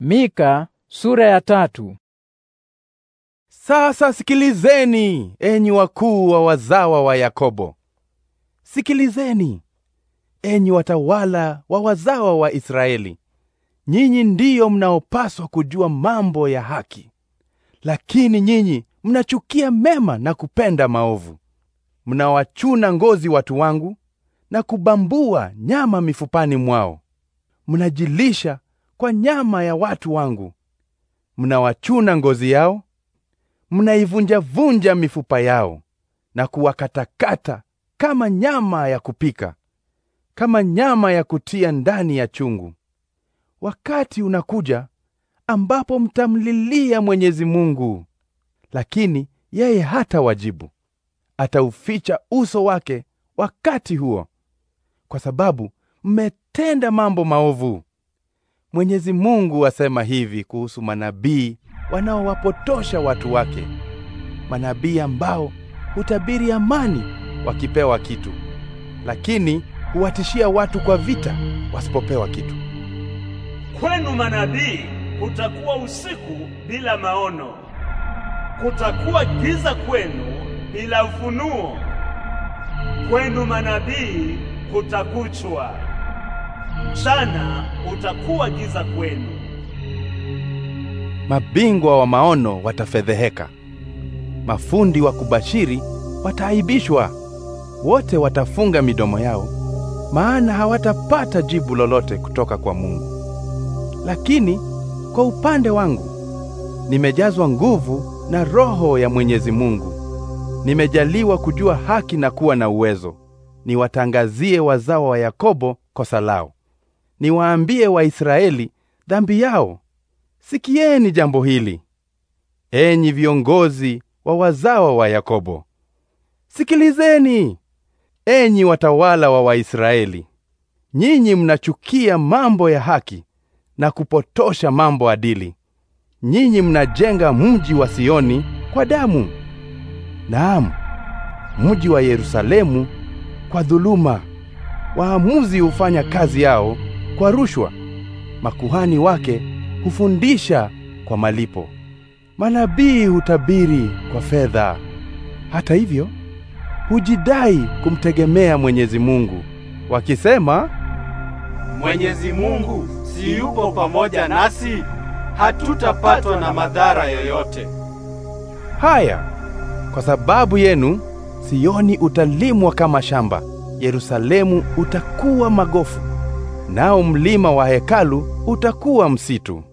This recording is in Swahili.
Mika sura ya tatu. Sasa sikilizeni, enyi wakuu wa wazawa wa Yakobo, sikilizeni, enyi watawala wa wazawa wa Israeli. Nyinyi ndiyo mnaopaswa kujua mambo ya haki, lakini nyinyi mnachukia mema na kupenda maovu. Mnawachuna ngozi watu wangu na kubambua nyama mifupani mwao. Mnajilisha kwa nyama ya watu wangu. Mnawachuna ngozi yao, mnaivunja-vunja mifupa yao na kuwakatakata kama nyama ya kupika, kama nyama ya kutia ndani ya chungu. Wakati unakuja ambapo mtamlilia Mwenyezi Mungu, lakini yeye hata wajibu Atauficha uso wake wakati huo, kwa sababu mmetenda mambo maovu. Mwenyezi Mungu asema hivi kuhusu manabii wanaowapotosha watu wake, manabii ambao hutabiri amani wakipewa kitu, lakini huwatishia watu kwa vita wasipopewa kitu. Kwenu manabii kutakuwa usiku bila maono, kutakuwa giza kwenu bila ufunuo. Kwenu manabii kutakuchwa mchana utakuwa giza kwenu. Mabingwa wa maono watafedheheka, mafundi wa kubashiri wataaibishwa. Wote watafunga midomo yao, maana hawatapata jibu lolote kutoka kwa Mungu. Lakini kwa upande wangu nimejazwa nguvu na Roho ya Mwenyezi Mungu, nimejaliwa kujua haki na kuwa na uwezo, niwatangazie wazao wa Yakobo kosa lao niwaambie Waisraeli dhambi yao. Sikieni jambo hili, enyi viongozi wa wazao wa Yakobo. Sikilizeni, enyi watawala wa Waisraeli. Nyinyi mnachukia mambo ya haki na kupotosha mambo adili. Nyinyi mnajenga mji wa Sioni kwa damu. Naam, mji wa Yerusalemu kwa dhuluma. Waamuzi hufanya kazi yao kwa rushwa. Makuhani wake hufundisha kwa malipo. Manabii hutabiri kwa fedha. Hata hivyo, hujidai kumtegemea Mwenyezi Mungu, wakisema, Mwenyezi Mungu si yupo pamoja nasi? Hatutapatwa na madhara yoyote. Haya, kwa sababu yenu Sioni utalimwa kama shamba, Yerusalemu utakuwa magofu nao mlima wa hekalu utakuwa msitu.